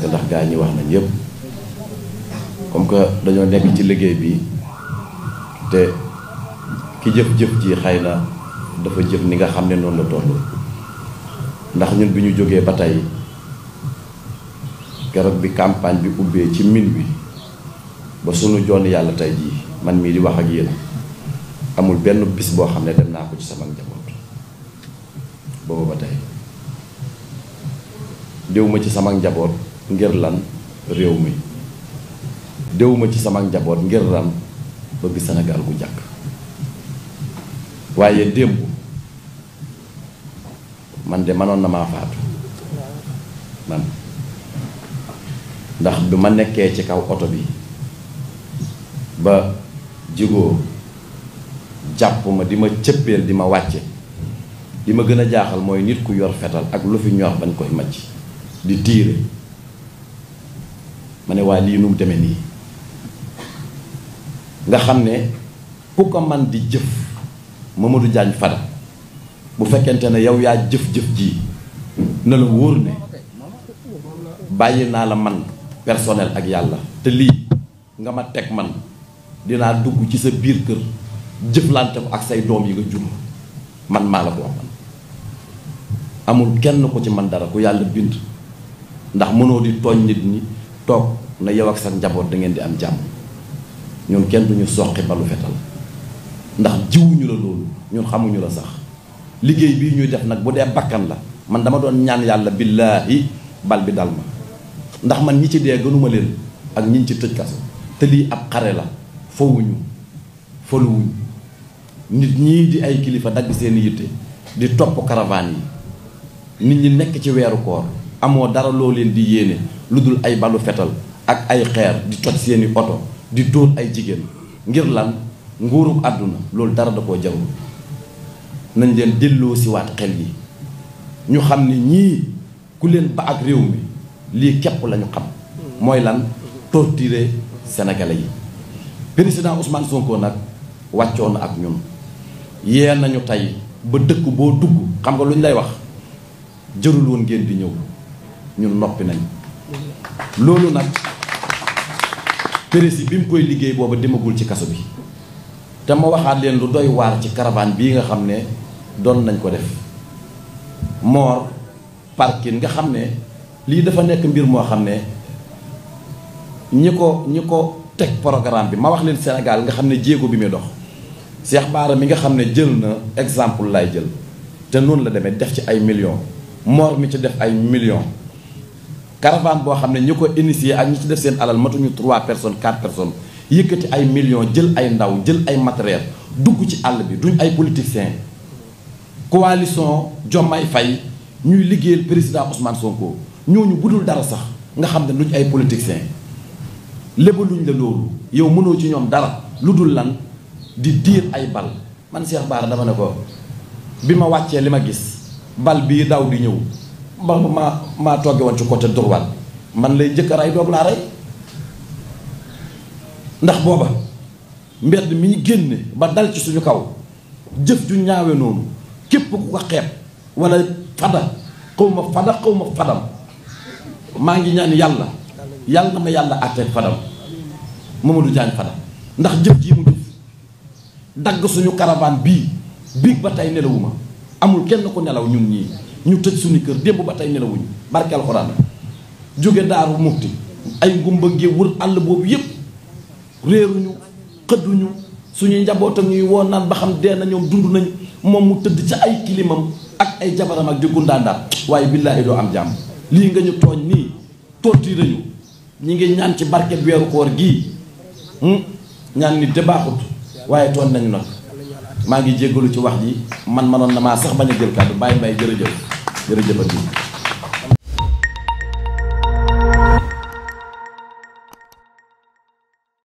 ñàkk ndax gaa ñi wax nañ yëpp comme que dañoo nekk ci liggéey bi te ki jëf-jëf ji xay na dafa jëf ni nga xam ne noonu la toll ndax ñun bi ñu jógee ba tey keroog bi campagne bi ubbee ci min bi ba sunu joon yàlla tey jii man mii di wax ak yéen amul benn bis boo xam ne dem naa ko ci sama njaboot boobu ba tey déwuma ci sama njaboot ngir lan réew mi déwuma ci sama njaboot ngir lan bëgg senegal gu jàkk waaye démb man de manoon na maa faatu man ndax bi ma nekkee ci kaw oto bi ba jigoo jàpp ma di ma cëppeel di ma wàcce li ma gën a jaaxal mooy nit ku yor fetal ak lu fi ñor bañ koy macc di tiire ma ne waaye lii nu mu demee nii nga xam ne ku ko man di jëf Mamadou Diagne Fada bu fekkente ne yow yaa jëf-jëf ji na la wóor ne bàyyi naa la man personnel ak yàlla te lii nga ma teg man dinaa dugg ci sa biir kër jëflante ko ak say doom yi nga jur man maa la ko man amul kenn ko ci man dara ku yàlla bind ndax mënoo di tooñ nit ñi toog na yow ak sa njaboot da ngeen di am jàmm ñun kenn duñu soqi balu fetal ndax jiwuñu la loolu ñun xamuñu la sax liggéey bii ñuy def nag bu dee bakkan la man dama doon ñaan yàlla billaahi bal bi dal ma ndax man ñi ci dee gënuma leen ak ñi ci tëj kaso te lii ab xare la fowuñu foluwuñu nit ñii di ay kilifa dagg seeni yitte di topp karabaan yi nit ñi nekk ci weeru koor amoo dara loo leen di yéene lu dul ay balu fetal ak ay xeer di toj seeni oto di dóor ay jigéen ngir lan nguurub àdduna loolu dara da koo jarul nañ leen delloo si waat xel yi ñu xam ni ñii ku leen ba ak réew mi lii képp lañu xam mooy lan torturer senegale yi président Ousmane Sonko nag wàccoon na ak ñun yee nañu tey ba dëkk boo dugg xam nga lu ñu lay wax jërul woon ngeen di ñëw ñu noppi nañ loolu nag pérési bi mu koy liggéey booba demagul ci kaso bi te ma waxaat leen lu doy waar ci caravane bii nga xam ne doon nañ ko def moor parking nga xam ne lii dafa nekk mbir moo xam ne ñi ko ñi ko teg programme bi ma wax leen Sénégal nga xam ne jéego bi muy dox Cheikh baara mi nga xam ne jël na exemple laay jël te noonu la demee def ci ay million moor mi ci def ay million caravane boo xam ne ñu ko initié ak ñi ci def seen alal matuñu trois personnes quatre personnes yëkkati ay millions jël ay ndaw jël ay matériel dugg ci àll bi duñ ay politiciens coalition Diomaye fay ñuy liggéeyal président Ousmane Sonko ñooñu bu dul dara sax nga xam ne duñ ay politiciens lébaluñ la loolu yow mënoo ci ñoom dara lu dul lan di diir ay bal man Cheikh Bara dama ne ko bi ma wàccee li ma gis bal bii daw di ñëw. ma maa maa tooge woon ci côté droite man lay njëkk ay rey doog laa rey ndax booba mbedd mi ñu génne ba dal ci suñu kaw jëf ju ñaawe noonu képp ku ko xeeb wala fada xaw ma fada xaw maa ngi ñaan yàlla yàlla na ma yàlla àtte fadam Mamadou Diagne fadam ndax jëf jii mu jëf dagg suñu caravane bii biig ba tey nelawuma amul kenn ku nelaw ñun ñii ñu tëj suñu kër démb ba tey nelawuñu barke alxuraan jóge daaru mufti ay ngumba gi wër àll boobu yépp réeruñu xëdduñu suñuy njabootam ñuy woo naan ba xam dee na dund nañu moom mu tëdd ci ay kilimam ak ay jabaram ak di gundaandaat waaye billaahi doo am jàmm lii nga ñu tooñ nii torturé ñu ngi ñaan ci barke weeru koor gii hmm? ñaan nit de baaxut waaye tooñ nañu nag maa ngi jéggalu ci wax ji man manoon na maa sax bañ a jël kàddu bàyyi mbay jërëjëf jërëjëfati